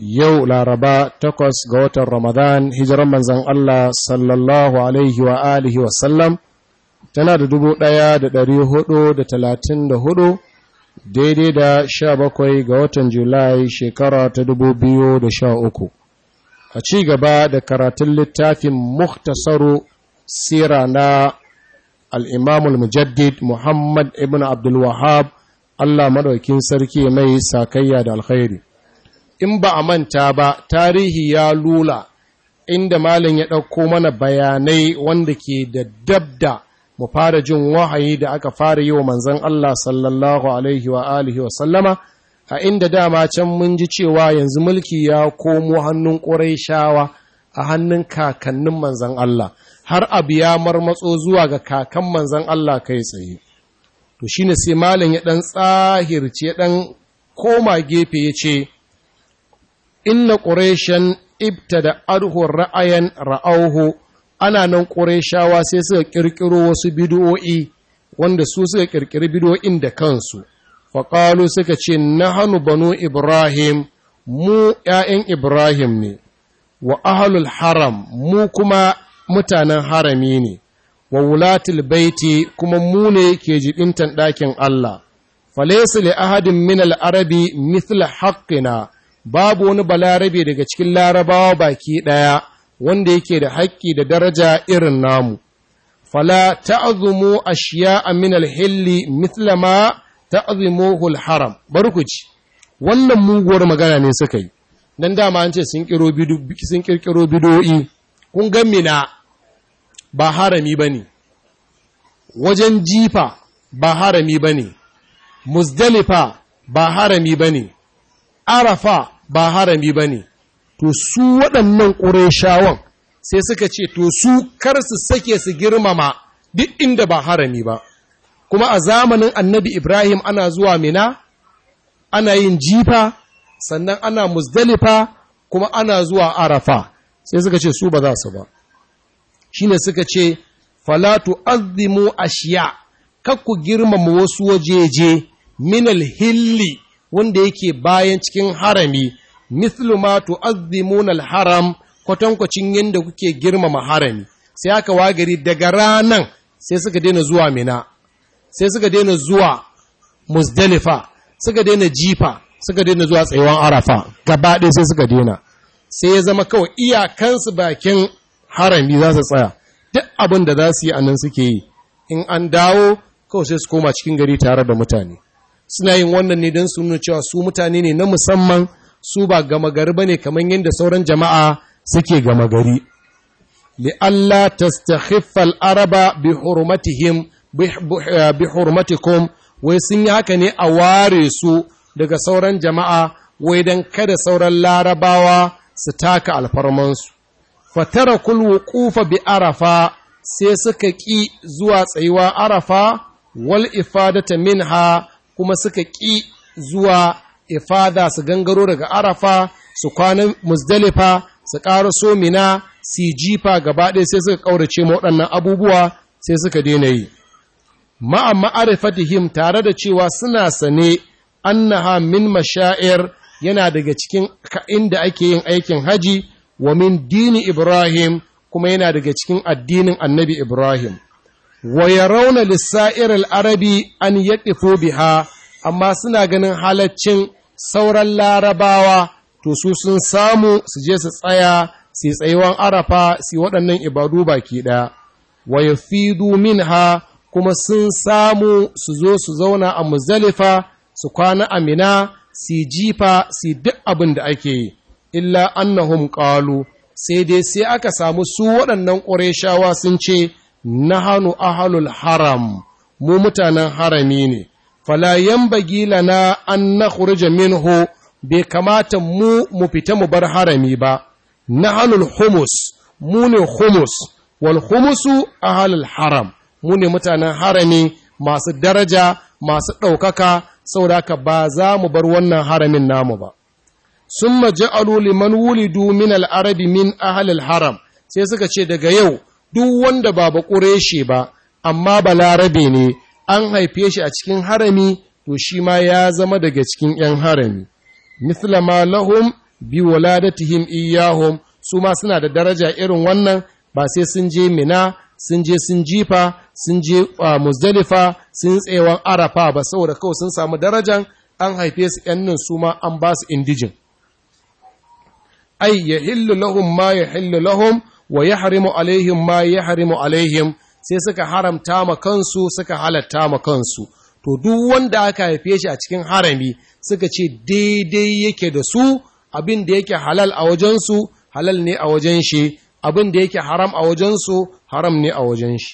yau laraba takwas ga watan ramadan hijiran manzan Allah sallallahu alaihi wa alihi wasallam tana da dubu ɗaya da dari hudu da talatin da hudu daidai da sha bakwai ga watan julai shekara ta dubu biyu da sha uku a ci gaba da karatun littafin muhtasaru sira na al'imamul mujaddid muhammad ibn abdulwahab Allah maɗaukin sarki mai sakayya da alkhairi in ba a manta ba tarihi ya lula inda malin ya ɗauko mana bayanai wanda ke da dabda mu fara jin wahayi da aka fara yi wa manzan Allah sallallahu alaihi wa alihi wa sallama a inda dama can mun ji cewa yanzu mulki ya komo hannun shawa a hannun kakannin manzan Allah har abu ya marmatso zuwa ga kakan manzan Allah kai tsaye to shine sai malin ya ɗan tsahirce ɗan koma gefe ya ce inna ƙureshen ibta da arhu ra'ayan ra'auhu ana nan ƙureshawa sai suka ƙirƙiro wasu bidoyi wanda su suka ƙirƙiri bidoyin da kansu faƙalu suka ce na hannu banu ibrahim mu ‘ya'yan ibrahim ne wa ahlul haram mu kuma mutanen harami ne wa baiti kuma mu ne ke jibintan ɗakin Allah falaisa li ahadin minal al-arabi mithla haqqina babu wani balarabe daga cikin larabawa baki ɗaya wanda yake da haƙƙi da daraja irin namu. Fala a ashiya'a min hilli mithla ma ta'azumuhu haram barkuci wannan muguwar magana ne suka yi dan dama an ce sun kiro bidu sun bidoi kun ga mina ba harami bane wajen jifa ba harami bane muzdalifa ba harami bane arafa ba harami ba ne to su waɗannan ƙureshawan sai suka ce to su kar su sake su girmama duk inda ba harami ba kuma a zamanin annabi ibrahim ana zuwa mina ana yin jifa sannan ana musdalifa kuma ana zuwa arafa sai suka ce su ba za su ba shi ne suka ce falatu azimu ashiya kakku girmama wasu wajeje minal hilli wanda yake bayan cikin harami mithlu ma tu'azzimun al-haram kwatankwacin yanda kuke girmama harami sai aka gari daga ranan sai suka daina zuwa mina sai suka daina zuwa muzdalifa suka daina jifa suka daina zuwa tsayuwan arafa gaba ɗaya sai suka daina sai ya zama kawai iyakansu bakin harami za su tsaya duk abin da za su yi a nan suke yi in an dawo kawai sai su koma cikin gari tare da mutane suna yin wannan ne don su nuna cewa su mutane ne na musamman su ba gama gari ba ne kamar yadda sauran jama'a suke gama gari لئلا تستخف العرب bi hurmatikom, wai sun yi haka ne a ware su daga sauran jama'a wai don kada sauran larabawa su taka alfarmansu fatara kulwu kufa bi arafa sai suka ƙi zuwa tsayuwa arafa wal ifadata ha. kuma suka ƙi zuwa ifada su gangaro daga arafa su kwana muzdalifa su ƙara somina su jifa gaba ɗaya sai suka ƙaurace ma waɗannan abubuwa sai suka daina yi ma'a ma'arifatihim tare da cewa suna sane annaha min mashair yana daga cikin inda ake yin aikin haji wa min dini ibrahim kuma yana daga cikin addinin annabi ibrahim Waya rauna lisa'ir al-arabi an yaqifu biha amma suna ganin halaccin sauran larabawa to su sun samu suje je su tsaya su tsayuwan arafa su waɗannan ibadu baki ɗaya wa yafidu minha kuma sun samu su zo su zauna a muzalifa su kwana a mina su jifa su duk abin da ake yi illa annahum qalu sai dai sai aka samu su waɗannan ƙureshawa sun ce nahanu ahalul haram mu mutanen harami ne fala yambagi lana an nakhruja minhu bai kamata mu mu fita mu bar harami ba nahanul humus mu ne humus wal humusu ahalul haram mu ne mutanen harami masu daraja masu ɗaukaka saboda haka ba za mu bar wannan haramin namu ba Sun ja'alu liman wulidu min al-arabi min ahalil haram sai suka ce daga yau duk wanda ba ba shi ba amma balarabe ne an haife shi a cikin harami to shi ma ya zama daga cikin ‘yan harami Mislama ma lahum bi waladatihim iyahum su ma suna da daraja irin wannan ba sai sun je mina sun je sun jifa sun je muzdalifa sun tsewan arafa ba saboda kawai sun samu darajan an haife su ‘yan nan su ma an ba su indijin ai ya hillu lahum ma ya hillu lahum wa harimu alaihim ma yahrimu alaihim sai suka haramta ma kansu suka halatta ma kansu to duk wanda aka haife shi a cikin harami suka ce daidai yake da su abin da yake halal a wajensu halal ne a wajen shi abin da yake haram a wajensu haram ne a wajen shi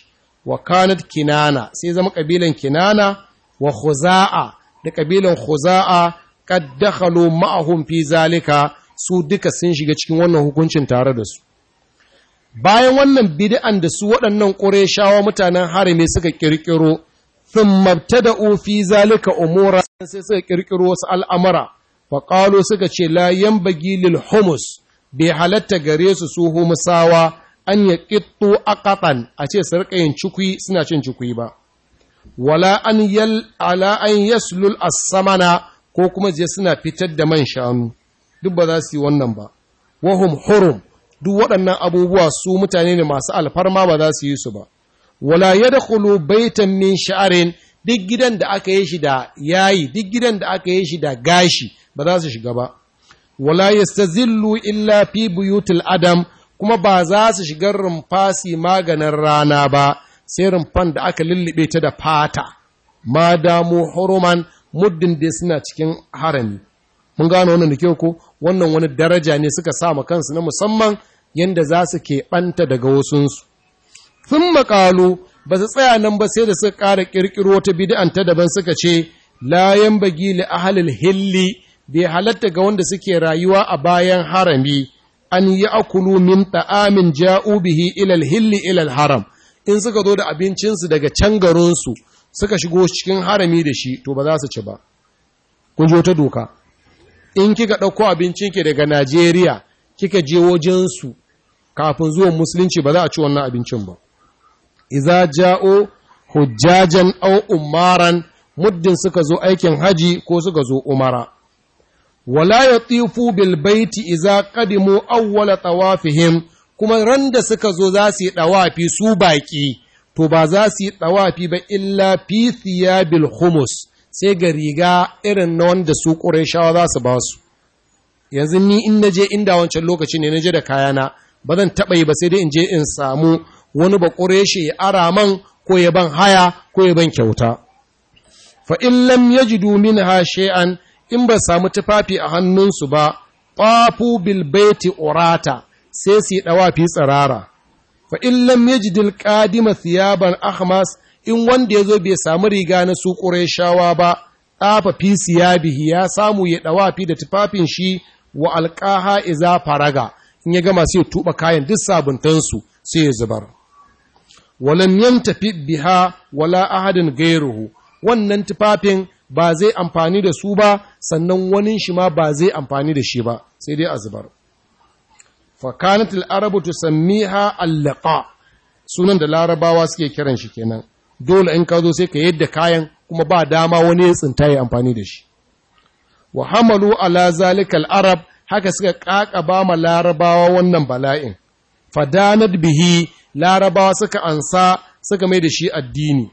wa kanat kinana sai zama kabilan kinana wa khuza'a da kabilan khuza'a kad dakhalu ma'ahum fi zalika su duka sun shiga cikin wannan hukuncin tare da su bayan wannan bid'an da su waɗannan ƙureshawa mutanen harami suka ƙirƙiro sun mabta da ofi zalika umura sai suka ƙirƙiro wasu al'amara faƙalo suka ce layan bagi lil humus bai halatta gare su su humusawa an ya ƙitto ƙaɗan a ce su cikwi suna cin cikwi ba wala an yal ala an yaslul as-samana ko kuma je suna fitar da man shanu duk ba za su yi wannan ba wahum hurum duk waɗannan abubuwa su mutane ne masu alfarma ba za su yi su ba wala ya da kulu baitan min sha'arin duk gidan da aka yi shi da yayi duk gidan da aka yi shi da gashi ba za su shiga ba wala yastazillu illa fi buyutul adam kuma ba za su shiga rumfasi maganin rana ba sai rumfan da aka lullube ta da fata ma damu huruman muddin da suna cikin harami mun gano wannan da kyau ko wannan wani daraja ne suka sa ma kansu na musamman yanda za su keɓanta daga wasunsu sun maƙalu ba su tsaya nan ba sai da suka ƙara ƙirƙiro ta bid'anta ta daban suka ce layan bagi li ahalil hilli bai halatta ga wanda suke rayuwa a bayan harami an yi akulu min ta'amin jaubihi ilal hilli ilal haram in suka zo da abincinsu daga can garinsu suka shigo cikin harami da shi to ba za su ci ba kun ji wata doka in kika ɗauko abincin abincinki daga Najeriya kika je wajensu kafin zuwan musulunci ba za a ci wannan abincin ba. Iza ja'o hujjajan au umaran muddin suka zo aikin haji ko suka zo umara. Wala ya tsifu bilbaiti iza ƙadimu awwala tawafihim kuma ran da suka zo za su yi ɗawafi su baƙi, to ba za su yi ɗawafi ba illa fi thiyabil humus sai ga riga irin na wanda su ƙurashawa za su ba su yanzu ni in na je inda wancan lokaci ne na je da kayana ba zan taɓa yi ba sai dai in je in samu wani ba shi ya ara man ko ya ban haya ko ya ban kyauta fa in ji yajidu hashe an in ba samu tufafi a hannunsu ba ƙafu bilbeti urata sai su yi ɗawafi tsirara fa in lam yajid al thiyaban ahmas in wanda ya zo bai samu riga na su ƙureshawa ba ɗafa fi bihi ya samu ya ɗawafi da tufafin shi wa alƙaha iza faraga in ya gama sai ya tuɓa kayan duk sabuntansu sai ya zubar walam tafi biha wala ahadin gairuhu wannan tufafin ba zai amfani da su ba sannan wani shi ma ba zai amfani da shi ba sai dai a zubar fakanat al-arabu tusammiha al sunan da larabawa suke kiran shi kenan dole in ka zo sai ka yadda kayan kuma ba dama wani ya tsinta ya amfani da shi wa hamalu ala zalikal arab haka suka ba ma larabawa wannan bala'in Fadanar bihi larabawa suka ansa suka mai da shi addini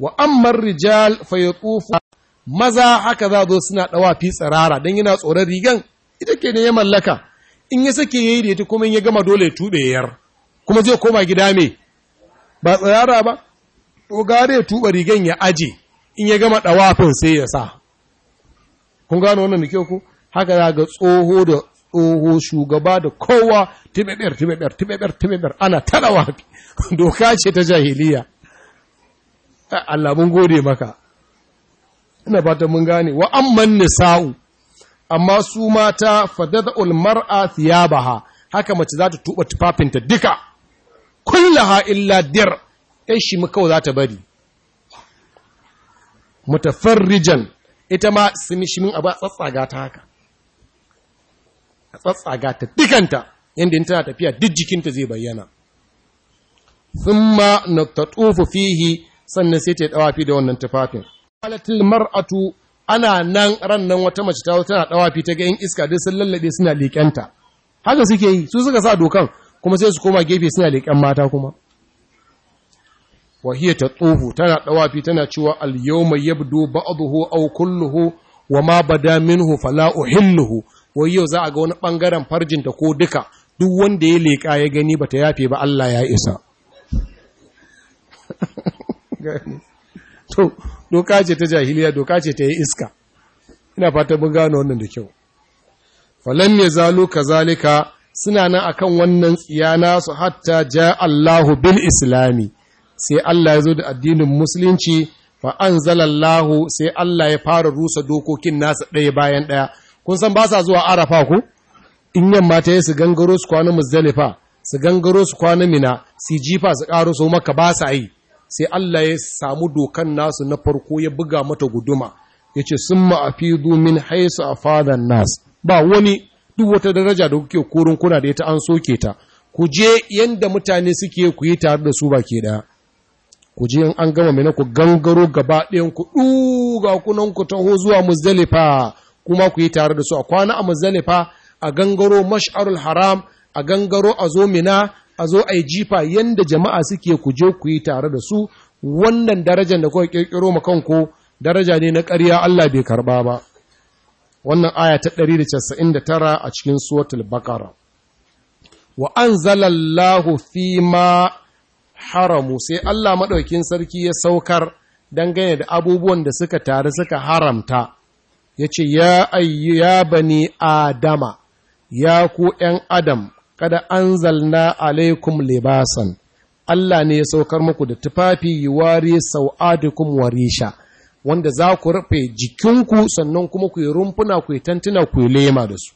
wa ammar rijal fayatufa maza haka za zo suna ɗawa fi tsirara don yana tsoron rigan ita ke ne ya mallaka in ya sake yayi da ita kuma in ya gama dole ya tube yar kuma zai koma gida me ba tsirara ba to gare ya tuba rigan ya aje in ya gama ɗawafin sai ya sa kun gano wannan da kyau ku haka za ga tsoho da tsoho shugaba da kowa tibeber tibeber tibeber tibeber ana talawa doka ce ta jahiliya Allah mun gode maka ina fata mun gane wa amman nisa'u amma su mata fadadul mar'a thiyabaha haka mace za ta tuba tufafinta duka kullaha illa dir ‘yan shi kawai za ta bari mutafarrijan ita ma simishimin abu a tsatsaga ta haka a tsatsaga ta dukanta yadda in tana tafiya duk jikinta zai bayyana sun ma na tsofa fihi sannan sai ta yi dawafi da wannan tufafin alatil mar'atu ana nan ran nan wata mace ta tana dawafi ta ga iska duk sun lallabe suna leƙenta haka suke yi su suka sa dokan kuma sai su koma gefe suna leƙen mata kuma wa hiya tatufu tana ɗawafi tana cewa al yawma yabdu ba'dahu aw kulluhu wa ma bada minhu fala uhilluhu wai yau za a ga wani bangaren farjin ta ko duka duk wanda ya leka ya gani ta yafe ba Allah ya isa to doka ce ta jahiliya doka ce ta yi iska ina fata mun gano wannan da kyau falan ya kazalika suna nan akan wannan tsiyana su hatta ja Allahu bil islami sai Allah ya zo da addinin musulunci fa anzalallahu sai Allah ya fara rusa dokokin nasa ɗaya bayan ɗaya kun san ba sa zuwa arafa ku in yamma ta yi su gangaro su kwana muzdalifa su gangaro su kwana mina su jifa su ƙaro su maka ba sa yi sai Allah ya samu dokan nasu na farko ya buga mata guduma ya ce sun ma'afidu min haisu a fadan nas ba wani duk wata daraja da kuke korin kuna da ya an soke ta ku je yanda mutane suke ku yi tare da su ba ke ɗaya ku je in an gama mena ku gangaro gaba ɗayan ku ɗuga kunan ku taho zuwa muzdalifa kuma ku yi tare da su a kwana a muzalifa, a gangaro mash'arul haram a gangaro a zo mina a zo a yi jifa yanda jama'a suke ku je ku yi tare da su wannan darajar da kuka kirkiro ma kanku daraja ne na ƙarya Allah bai karba ba wannan aya ta 199 a cikin suratul baqara wa anzalallahu ma. haramu sai Allah maɗaukin sarki ya saukar dangane da abubuwan da suka tare suka haramta ya ce ya ayyu ya bani adama ya ku ‘yan adam kada anzalna alaikum libasan Allah ne ya saukar muku da tufafi yi wari sau'adikum warisha wanda za ku rufe jikinku sannan kuma ku yi rumfuna ku yi tantuna ku yi lema da su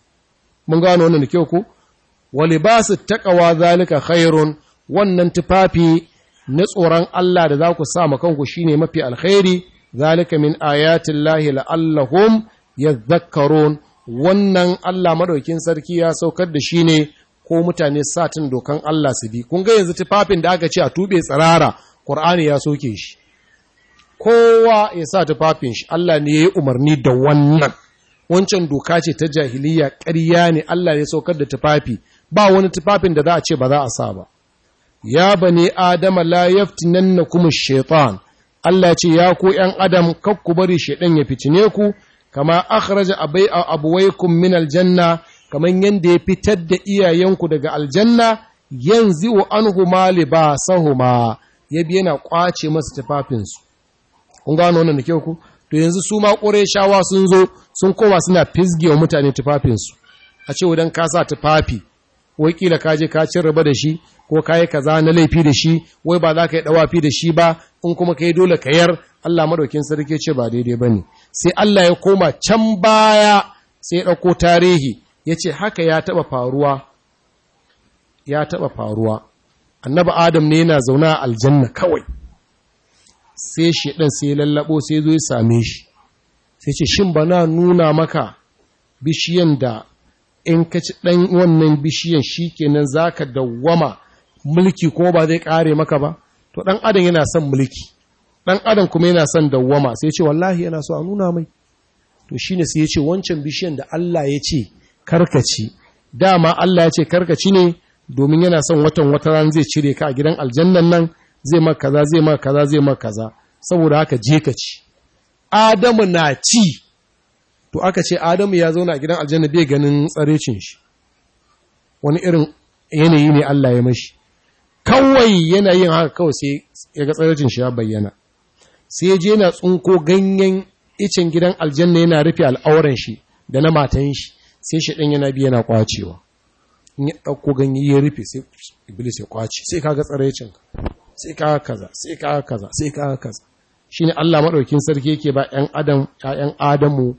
mun gano wannan da kyau ku wa libasu taqwa zalika khairun wannan tufafi na tsoron Allah da za ku sa makanku shi ne mafi alkhairi, zalika min ayatin lahi la'allahum ya zakarun. wannan Allah maɗaukin sarki ya saukar da shi ne ko mutane satin dokan Allah su bi. Kun ga yanzu tufafin da aka ce a tube tsirara, Ƙur'ani ya soke shi. Kowa ya sa tufafin shi, Allah ne ya yi umarni da wannan. Wancan doka ce ta jahiliya ƙarya ne Allah ya saukar da tufafi, ba wani tufafin da za a ce ba za a sa ba. ya bane adama la na kuma shaitan Allah ce ya ku ‘yan adam kakku bari shaidan ya fitine ku kama a abai abuwaikum min aljanna kaman yanda ya fitar da iyayenku daga aljanna yanzu wa liba sahuma ya bi yana kwace masu tufafinsu kun gano wannan da kyau ku to yanzu su ma shawa sun zo sun koma suna fizge wa mutane tufafinsu a ce wadan ka sa tufafi wakila ka je ka cin raba da shi ko ka yi kaza na laifi da shi wai ba za ka yi dawafi da shi ba in kuma ka yi dole ka yar Allah madaukin sarki ce ba daidai ba ne sai Allah ya koma can baya sai ya ɗauko tarihi ya ce haka ya taɓa faruwa ya taɓa faruwa annabi adam ne yana zauna a aljanna kawai sai shi ɗan sai ya lallaɓo sai zo ya same shi sai ce shin ba na nuna maka bishiyan da in ka ci ɗan wannan bishiyan shi kenan za ka dawwama mulki ko ba zai kare maka ba to dan adam yana son mulki dan adam kuma yana son dawwama sai ya ce wallahi yana so a nuna mai to shine sai ya ce wancan bishiyan da Allah ya ce karkaci dama Allah ya ce karkaci ne domin yana son watan wata ran zai cire ka a gidan aljannan nan zai maka kaza zai maka kaza zai maka kaza saboda haka je ka ci Adamu na ci to aka ce Adamu ya zauna a gidan aljanna bai ganin tsarecin shi wani irin yanayi ne Allah ya mashi kawai yana yin haka kawai sai ya ga tsarajin shi ya bayyana sai ya je yana tsunko ganyen icin gidan aljanna yana rufe al'auran shi da na matan shi sai shi ɗan yana biya yana kwacewa in ya ɗauko ganye ya rufe sai iblis ya kwace sai ka ga tsarajin sai ka kaza sai ka kaza sai ka kaza shine Allah maɗaukin sarki yake ba ƴan adam ƴaƴan adamu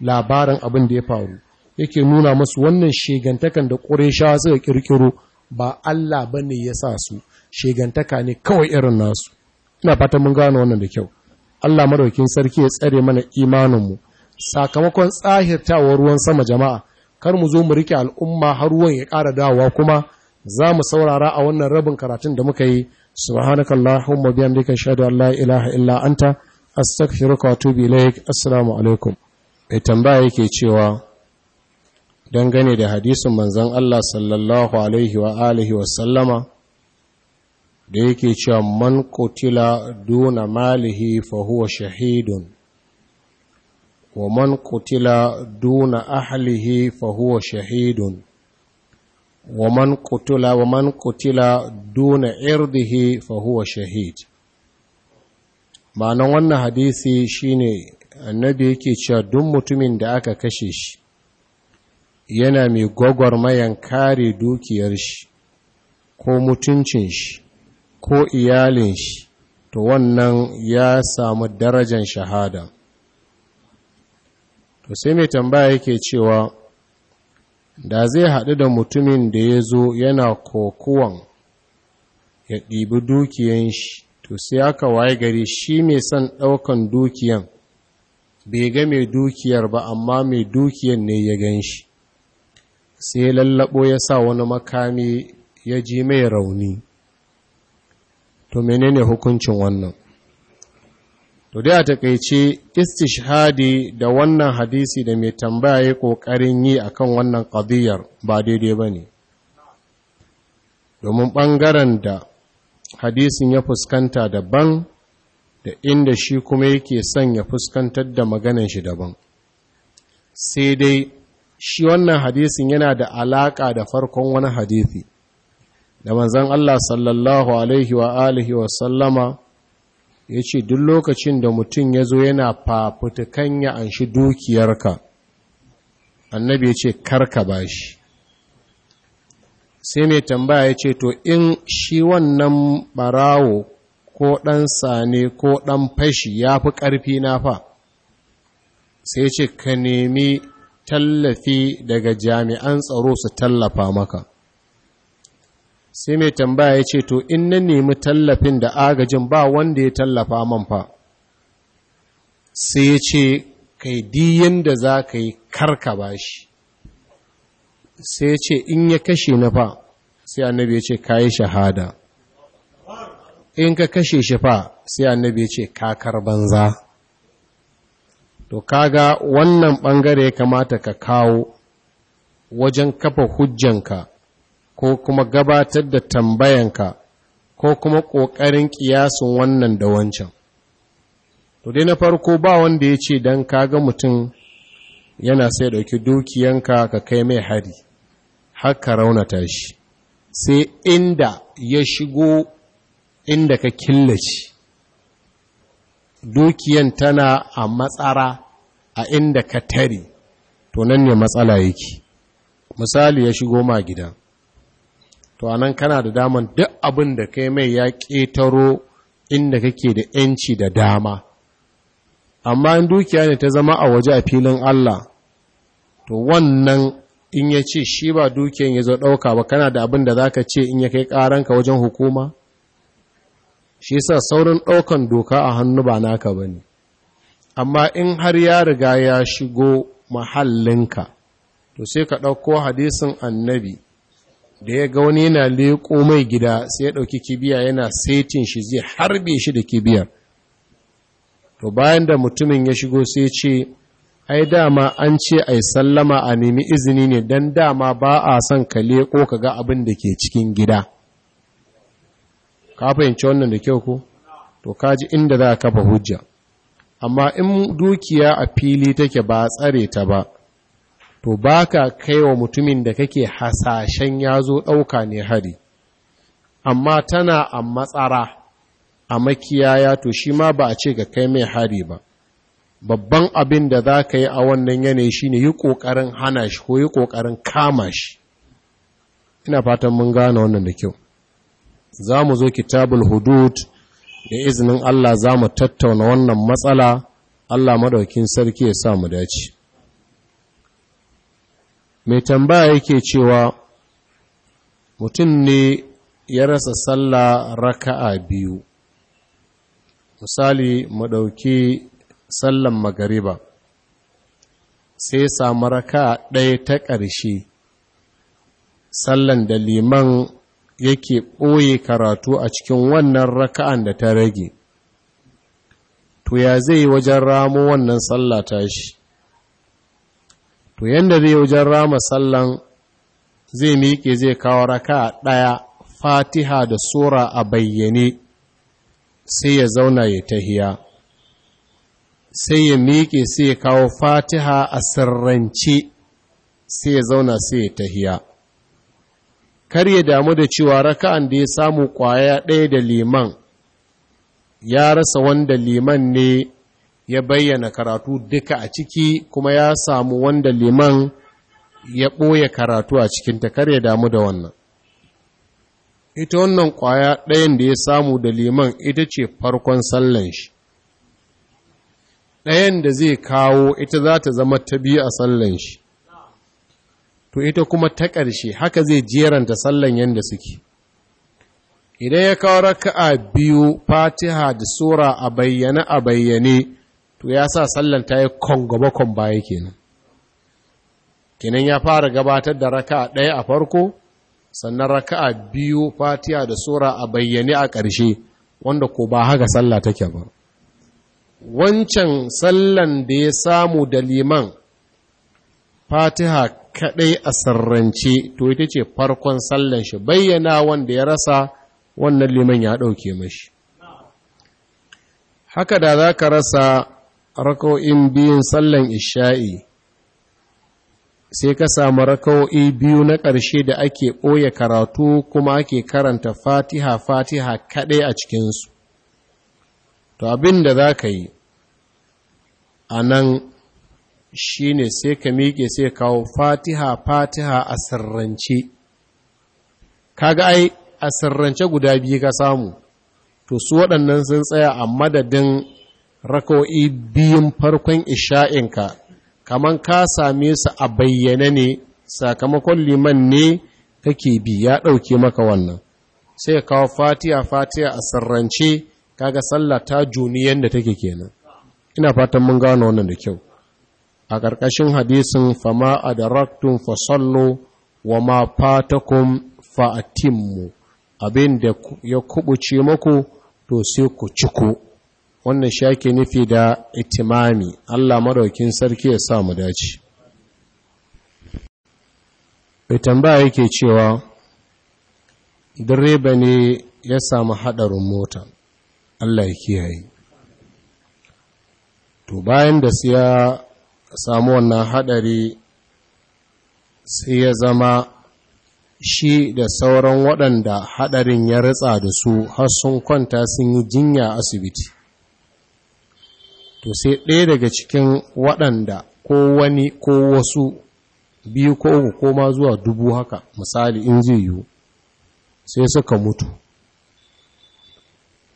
labarin abin da ya faru yake nuna masu wannan shegantakan da ƙureshawa suka kirkiro ba Allah ba ne ya sa su shegantaka ne kawai irin nasu ina fata mun gane wannan da kyau Allah madaukin sarki ya tsare mana imaninmu sakamakon tsahirtawar ruwan sama jama'a kar mu zo mu rike al'umma har ruwan ya ƙara dawowa kuma za mu saurara a wannan rabin karatun da muka yi subhanakallahumma bihamdika ashhadu an la ilaha illa anta astaghfiruka wa atubu ilaik assalamu alaikum mai tambaya yake cewa dangane da hadisin manzan Allah sallallahu alaihi wa alihi wasallama da yake cewa man kutila duna malihi fa huwa shahidun wa man kutila duna ahlihi fa shahidun wa man kutila wa man kutila duna irdihi fa shahid ma'anan wannan hadisi shine annabi yake cewa duk mutumin da aka kashe shi yana mai gwagwar mayan kare dukiyar shi ko mutuncin shi ko iyalin shi to wannan ya samu darajan shahada to sai mai tambaya yake cewa da zai haɗu da mutumin da ya zo yana kokuwan ya ɗibi dukiyan shi to sai aka waye gari shi mai son ɗaukan dukiyan bai ga mai dukiyar ba amma mai dukiyan ne ya gan shi sai lallabo ya sa wani makami ya ji mai rauni to menene hukuncin wannan to dai a takaice istishhadi da wannan hadisi da mai tambaya ya kokarin yi akan wannan qadiyar ba daidai ba ne. domin bangaren da hadisin ya fuskanta daban da inda shi kuma yake son ya fuskantar da maganan shi daban sai dai shi wannan hadisin yana da alaka da farkon wani hadisi da manzon Allah sallallahu alaihi wa alihi wa sallama ya ce duk lokacin da mutum ya zo yana fafutukan ya anshi dukiyarka annabi ya ce karka ba shi sai mai tambaya ya ce to in shi wannan barawo ko ɗan sane ko ɗan fashi ya fi ƙarfi na fa sai ce ka nemi tallafi daga jami'an tsaro su tallafa maka sai mai tambaya ya ce to in na nemi tallafin da agajin ba wanda ya tallafa man fa sai ya ce kai diyan da za ka yi karka ba shi sai ya ce in ya kashe na fa sai annabi ya ce ka yi shahada in ka kashe shi fa sai annabi ya ce kakar banza to kaga wannan ɓangare ya kamata ka kawo wajen kafa hujjanka ko kuma gabatar da tambayanka ko kuma ƙoƙarin ƙiyasin wannan da wancan to dai na farko ba wanda ya ce don kaga mutum yana sai ɗauki dukiyanka ka kai mai hari haka raunata shi sai inda ya shigo inda ka killace dukiyan tana a matsara a inda ka tare to nan ne matsala yake misali ya shigo ma gida to anan kana da daman duk abin da kai mai ya ƙetaro inda kake da ‘yanci da dama amma in dukiya ne ta zama a waje a filin Allah to wannan in ya ce shi ba dukiyan ya zo ɗauka ba kana da abin da za ka ce in ya kai ƙaranka wajen hukuma shi sa saurin ɗaukan doka a hannu ba naka ba ne amma in har ya riga ya shigo mahallinka to sai ka ɗauko hadisin annabi da ya ga wani yana leƙo mai gida sai ya ɗauki kibiya yana setin shi zai harbe shi da kibiyar to bayan da mutumin ya shigo sai ce ai dama an ce ai sallama a nemi izini ne don dama ba a son ka leƙo ka ga abin da ke cikin gida ka fahimci wannan da kyau ko to ji inda za ka kafa hujja amma in dukiya a fili take ba tsare ta ba to ba ka kai wa mutumin da kake hasashen ya zo ɗauka ne hari amma tana a matsara a makiyaya to shi ma ba a ce ka kai mai hari ba babban abin da za ka yi a wannan yanayi shi ne yi ƙoƙarin hana shi ko yi ƙoƙarin kama shi ina fatan mun gane wannan da kyau za mu zo kitabul hudud da izinin Allah za mu tattauna wannan matsala Allah madaukin sarki ya sa mu dace mai tambaya yake cewa mutum ne ya rasa sallah raka'a biyu misali mu ɗauki sallan magariba sai samu raka'a ɗaya ta ƙarshe sallan da liman yake ɓoye karatu a cikin wannan raka'an da ta rage to ya zai wajen ramo wannan sallah shi, to yadda zai wajen rama sallan zai miƙe zai kawo raka ɗaya fatiha da sura a bayyane sai ya zauna ya tahiya sai ya miƙe sai ya kawo fatiha a sirrance sai ya zauna sai ya tahiya kar ya damu da cewa raka'an da ya samu kwaya ɗaya da liman ya rasa wanda liman ne ya bayyana karatu duka a ciki kuma ya samu wanda liman ya ɓoye karatu a cikinta kar ya damu da wannan ita wannan ƙwaya ɗayan da ya samu da liman ita ce farkon sallan shi ɗayan da zai kawo ita za ta zama ta biyu a sallan shi to ita kuma ta ƙarshe haka zai jeranta sallan yadda suke idan ya kawo raka'a biyu fatiha da sura a bayyane a bayyane to ya sa sallan ta yi kongobakon baya kenan kenan ya fara gabatar da raka'a ɗaya a farko sannan raka'a biyu fatiha da sura a bayyane a ƙarshe wanda ko ba haka sallah take ba wancan sallan da ya samu da liman fatiha kaɗai a sarrance to ita ce farkon sallan shi bayyana wanda ya rasa wannan liman ya ɗauke mashi haka da za ka rasa rako'in biyun sallan isha'i sai ka samu raka'o'i biyu na ƙarshe da ake ɓoye karatu kuma ake karanta fatiha-fatiha kaɗai a cikinsu. To abin da za ka yi a nan Shi ne sai ka miƙe sai kawo fatiha fatiha a sirrance kaga ai a sirrance guda biyu ka samu to su waɗannan sun tsaya a madadin rakoi biyun farkon isha'inka Kamar ka same su a bayyane ne sakamakon liman ne kake bi ya ɗauke maka wannan sai ka kawo fatiha fatiha a sirrance kaga sallah ta juni yadda take kenan ina fatan mun gano wannan da kyau a ƙarƙashin hadisin fama a raktun fasallo wa ma fatakun fa'atinmu abin da ya kubuce muku to sai ku ciko wannan shi ake nufi da itimami Allah maraukin sarki ya sa mu dace mai tambaya yake cewa direba ne ya samu haɗarin mota Allah ya kiyaye to bayan da siya samu wannan haɗari sai ya zama shi da sauran waɗanda haɗarin ya ritsa da su har sun kwanta sun yi jinya asibiti to sai ɗaya daga cikin waɗanda ko wani ko wasu biyu ko uku ko ma zuwa dubu haka misali in zai yiwu sai suka mutu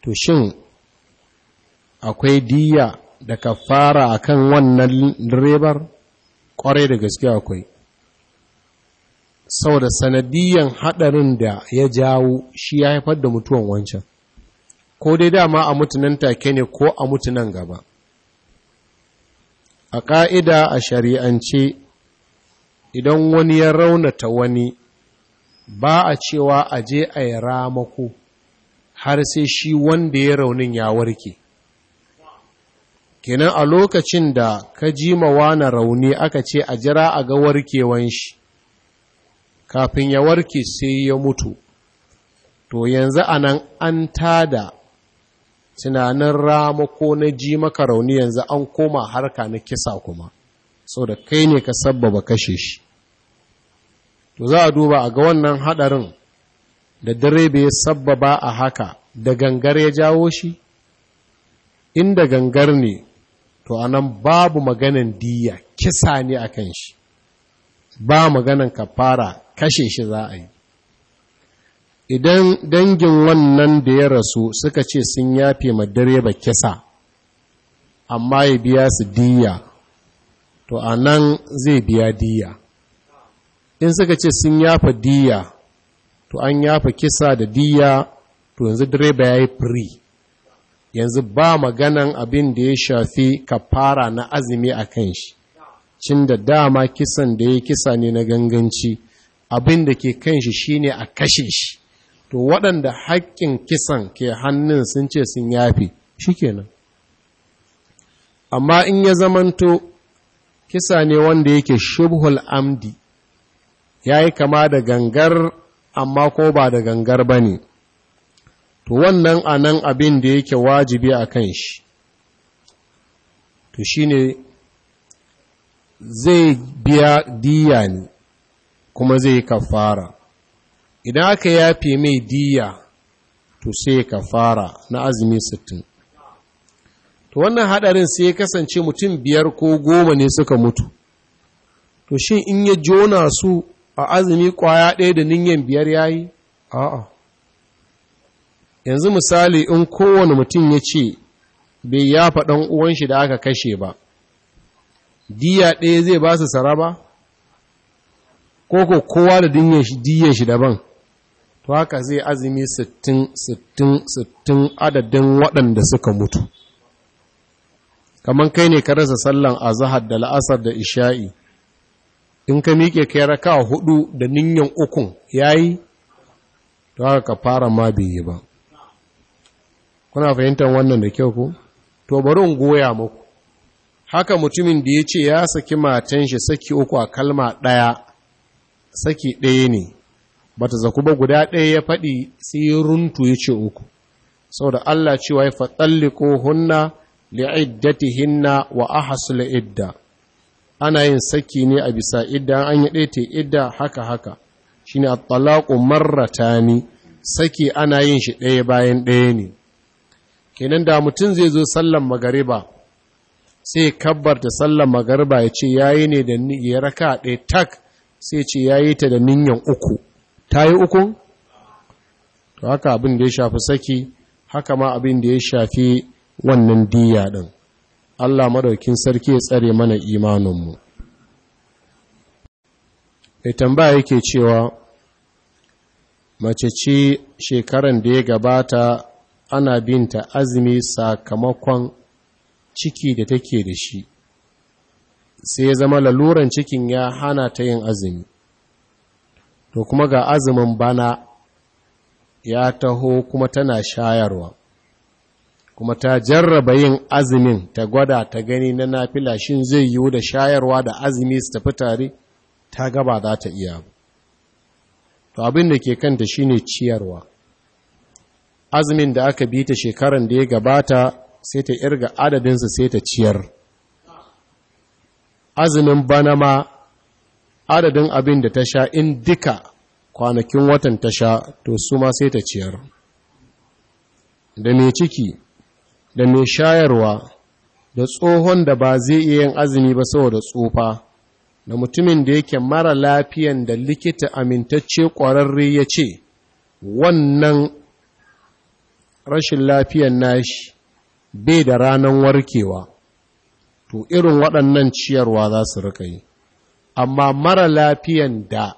to shin akwai diya da kafara akan wannan direbar kwarai da gaske akwai sau da sanadiyan hadarin da ya jawo shi ya haifar da mutuwan wancan ko dai dama a mutunan take ne ko a mutunan gaba a ƙa'ida a shari'ance idan wani ya raunata wani ba a cewa a je a yi ramako har sai shi wanda ya raunin ya warke kenan a lokacin da ka ji na rauni aka ce a jira a ga warkewan shi kafin ya warke sai ya mutu to yanzu a nan an tada tunanin ko na ji maka rauni yanzu an koma harka na kisa kuma sau da kai ne ka sabbaba kashe shi to za a duba a ga wannan hadarin da direba ya sabbaba a haka da gangar ya jawo shi inda gangar ne to anan babu maganan diya kisa ne a kan shi ba maganan kafara kashe shi za a yi idan dangin wannan da ya rasu suka ce sun yafe ma direba kisa amma ya biya su diya to a nan zai biya diya in suka ce sun yafa diya to an yafa kisa da diya to yanzu direba ya yi firi yanzu ba maganan abin da ya shafi kafara na azumi a kan shi cin da dama kisan da ya kisa ne na ganganci abin da ke kan shi shine a kashe shi to waɗanda haƙƙin kisan ke hannun sun ce sun yafi, ke shikenan amma in ya zamanto kisa ne wanda yake shubhul amdi ya yi kama da gangar amma ko ba da gangar ba ne to wannan anan abin da yake wajibi a kan shi to shi ne zai biya diya ne kuma zai kafara idan aka yafe mai diya to sai kafara na azumi sittin. to wannan hadarin sai ya kasance mutum biyar ko goma ne suka mutu to shi in ya jona su a azumi kwaya ɗaya da ninyan biyar ya yi? a'a yanzu misali in kowane mutum ya ce bai yafa ɗan uwan shi da aka kashe ba diya ɗaya zai ba su saraba ko ko kowa da diyan daban to haka zai azumi 60 60 adadin waɗanda suka mutu kamar kai ne ka rasa sallan azahar da la'asar da isha'i in ka miƙe kai raka hudu da ninyan ukun yayi to haka ka fara ma bai ba kuna fahimtar wannan da kyau ku to bari in goya muku haka mutumin da ya ce ya saki matan shi saki uku a kalma ɗaya saki ɗaya ne ba ta zaku ba guda ɗaya ya faɗi tsiruntu ya ce uku sau da Allah cewa ya faɗalli ko hunna hinna wa ahasul idda ana yin saki ne a bisa idda an yi ɗaya idda haka haka shine at-talaqu marratani saki ana yin shi ɗaya bayan ɗaya ne kenan da mutum zai zo sallan magariba sai kabbarta sallan magariba ya ce yayi ne da ya raka ɗaya tak sai ce yayi ta da ninyan uku ta yi uku to haka abin da ya shafi saki haka ma abin da ya shafi wannan diya ɗin Allah madaukin sarki ya tsare mana imaninmu mai tambaya yake cewa mace ce shekaran da ya gabata ana binta azumi sakamakon ciki da take da shi sai ya zama laluran cikin ya hana ta yin azumi to kuma ga azumin bana ya taho kuma tana shayarwa kuma ta jarraba yin azumin ta gwada ta gani na nafila shin zai yiwu da shayarwa da azumi su tafi tare ta gaba za ta iya to abin da ke kanta shine ciyarwa azumin da aka bi ta shekaran da ya gabata sai ta irga adadinsa sai ta ciyar azumin bana ma adadin abin da ta sha in duka kwanakin watan ta sha to su ma sai ta ciyar da mai ciki da mai shayarwa da tsohon da ba zai iya yin azumi ba saboda tsufa da mutumin da yake mara lafiyan da likita amintacce ƙwararre ya ce wannan rashin lafiyan nashi bai da ranan warkewa to irin waɗannan ciyarwa za su rika yi amma mara lafiyan da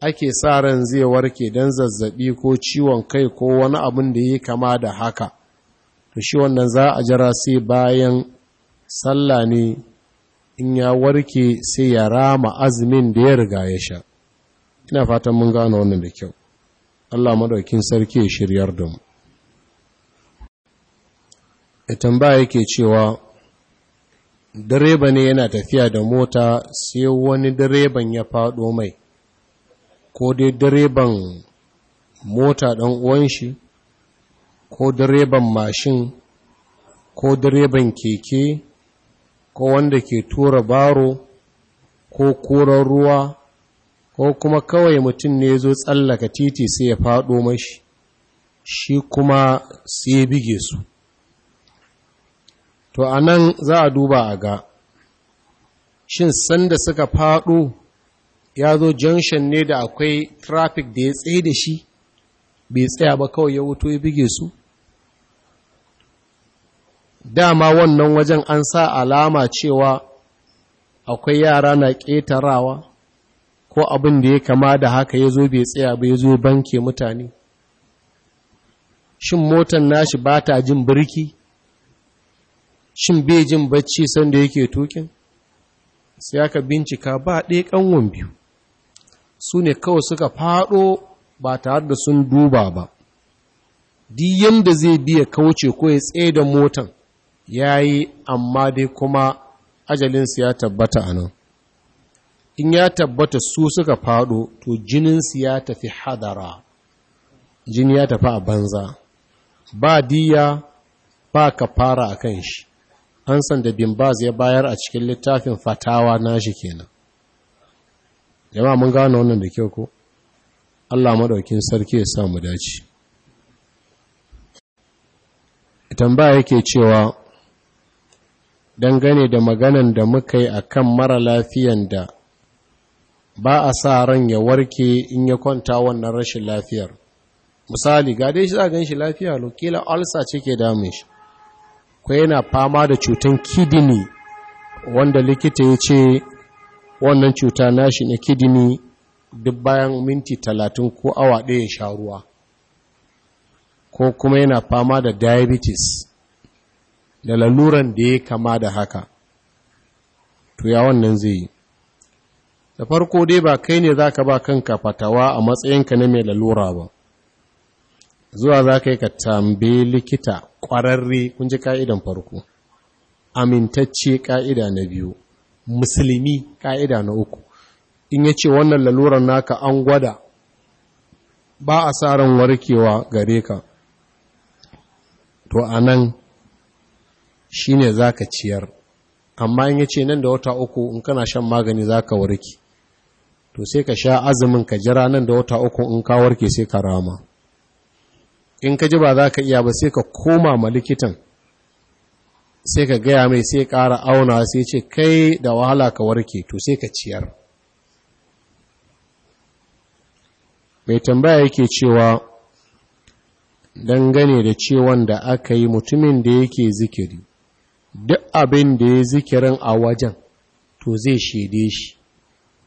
ake sa ran zai warke don zazzaɓi ko ciwon kai ko wani abin da ya kama da haka to shi wannan za a jira sai bayan sallah ne in ya warke sai ya rama azumin da ya riga ya sha ina fatan mun gane wannan da kyau Allah maɗaukin sarki ya shiryar da mu ya tambaya yake cewa direba ne yana tafiya da mota sai wani direban ya faɗo mai ko dai direban mota ɗan uwan shi ko direban mashin ko direban keke ko wanda ke tura baro ko koran ruwa ko kuma kawai mutum ne zo tsallaka titi sai ya faɗo mashi shi kuma sai ya bige su to a nan za a duba a ga shin sanda suka faɗo ya zo junction ne da akwai traffic da ya tsaye da shi bai tsaya ba kawai ya wuto ya buge su dama wannan wajen an sa alama cewa akwai yara na ƙetarawa ko abin da ya kama da haka ya zo bai tsaya ba ya zo banke mutane shin motar nashi ba ta jin birki shin bai jin bacci sanda yake tukin sai aka bincika ba ɗaya ƙanwan biyu su ne kawai suka faɗo ba tare da sun duba ba Di yadda zai biya kauce ko ya tsaye da motan ya yi amma dai kuma ajalinsu ya tabbata a nan in ya tabbata su suka faɗo to jininsu ya tafi hadara jini ya tafi a banza ba diya ba ka fara a kan shi ansan da bimbaz ya bayar a cikin littafin fatawa na shi kenan jama'a mun gano wannan da kyau ko Allah madaukin sarki ya sa mu dace tambaya yake cewa dangane da maganan da muka yi akan mara lafiyan da ba a sa ran ya warke in ya kwanta wannan rashin lafiyar misali ga dai shi za gan shi lafiya lokila ulcer ce ke damun shi ko yana fama da cutar kidini wanda likita ya ce wannan cuta nashi na kidini duk bayan minti talatin ko awa ɗaya ya sha ruwa ko kuma yana fama da diabetes da laluran da ya kama da haka to ya wannan zai yi da farko dai ba kai ne za ka ba kanka fatawa a matsayinka na mai lalura ba zuwa za ka yi ka tambe likita ƙwararre kun ji ka'idan farko amintacce ƙa'ida na biyu musulmi ƙa'ida na uku in ya ce wannan lalurar naka an gwada ba a tsarin warkewa gare ka to a nan shi ne za ka ciyar amma in ya ce nan da wata uku in kana shan magani za ka warke to sai ka sha azumin ka jira nan da wata uku in ka warke sai ka rama in ka ji ba za ka iya ba sai ka koma ma likitan sai ka gaya mai sai ƙara auna sai ce kai da wahala ka warke to sai ka ciyar mai tambaya yake cewa dangane da cewan da aka yi mutumin da yake zikiri duk abin da ya zikirin a wajen to zai shaide shi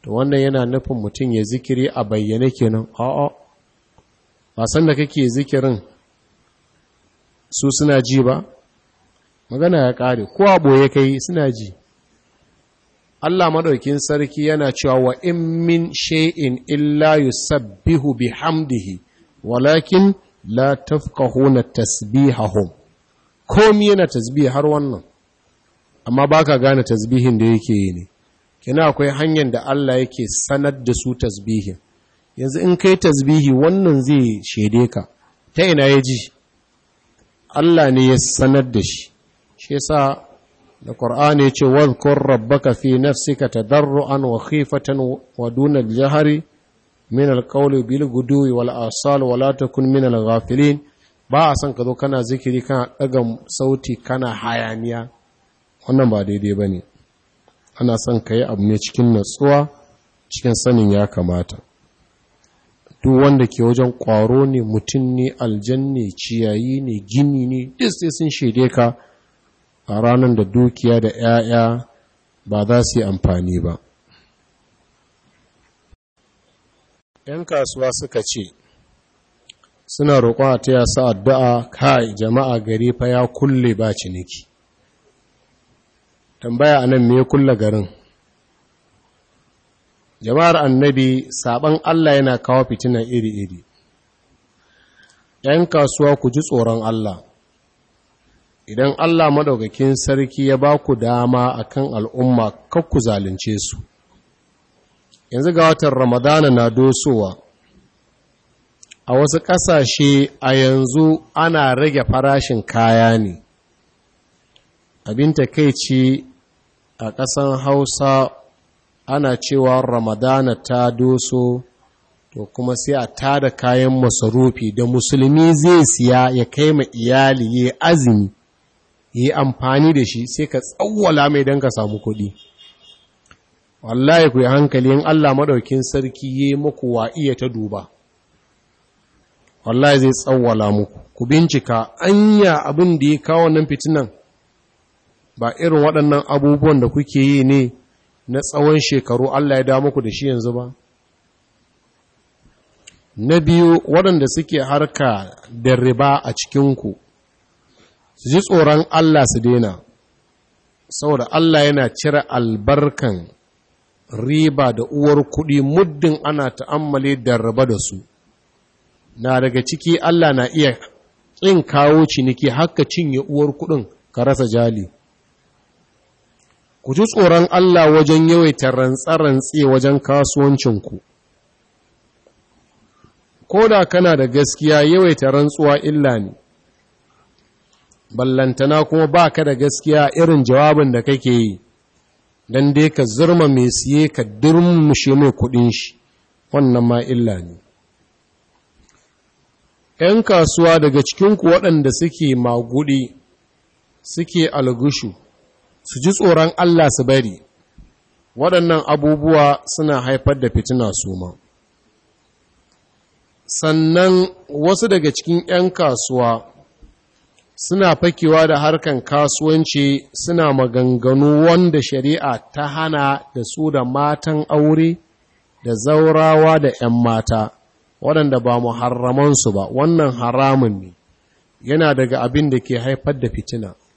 to wannan yana nufin mutum ya zikiri a bayyane kenan a'a ba san da kake zikirin su suna ji ba magana ya kare ko a boye kai suna ji Allah maɗaukin sarki yana cewa wa in min shay'in illa yusabbihu bihamdihi walakin la tafqahuna tasbihahum komi yana tasbiha har wannan amma baka gane tasbihin da yake yi ne kina akwai hanyar da Allah yake sanar da su tasbihin yanzu in kai tasbihi wannan zai shede ka ta ina ya ji Allah ne ya sanar da shi shi yasa da Qur'ani ya ce wadhkur rabbaka fi nafsika tadarruan wa khifatan wa duna al-jahri min al-qawli bil gudwi wal asal wa la takun min al-ghafilin ba a san ka zo kana zikiri kana daga sauti kana hayaniya wannan ba daidai bane ana son ka yi abu ne cikin natsuwa cikin sanin ya kamata duk wanda ke wajen ƙwaro ne mutum ne aljan ne ciyayi ne gini ne duk sai sun shaide ka a ranar da dukiya da 'ya'ya ba za su yi amfani ba 'yan kasuwa suka ce suna roƙon a taya su addu'a kai jama'a gari fa ya kulle ba ciniki tambaya anan me ya kulle garin jama'ar annabi saban Allah yana kawo fitina iri-iri ‘yan kasuwa ku ji tsoron Allah idan Allah maɗaukakin sarki ya ba ku dama a kan al'umma kakku zalunce su yanzu ga watan ramadana na dosowa a wasu ƙasashe a yanzu ana rage farashin kaya ne abin takaici a ƙasan hausa ana cewa ramadana ta doso to kuma sai a tada kayan masarufi da musulmi zai siya ya kai ma iyali ya yi azumi ya yi amfani da shi sai ka tsawwala mai don ka samu kuɗi wallahi ku yi hankali in Allah maɗaukin sarki ya muku wa iya ta duba wallahi zai tsawwala muku ku bincika anya abin da ya kawo nan fitinan ba irin waɗannan abubuwan da kuke yi ne na tsawon shekaru Allah ya damu muku da shi yanzu ba na biyu waɗanda suke harka da riba a cikinku su ji tsoron Allah su daina saboda Allah yana cire albarkan riba da uwar kuɗi muddin ana ta'ammali da riba da su na daga ciki Allah na iya ƙin kawo ciniki haka cinye uwar kuɗin ka rasa jali ku ji tsoron Allah wajen yawaita rantsa wajen kasuwancinku ko da kana da gaskiya yawaita rantsuwa illa ne ballantana kuma ba ka da gaskiya irin jawabin da kake yi don dai ka zurma mai siye ka durmushe mai kudin shi wannan ma illa ne ‘yan kasuwa daga cikinku waɗanda suke magudi suke algushu su ji tsoron Allah su bari waɗannan abubuwa suna haifar da fitina su ma sannan wasu daga cikin 'yan kasuwa suna fakewa da harkan kasuwanci suna maganganu wanda shari'a ta hana da su da matan aure da zaurawa da 'yan mata waɗanda ba mu harramansu ba wannan haramun ne yana daga abin da ke haifar da fitina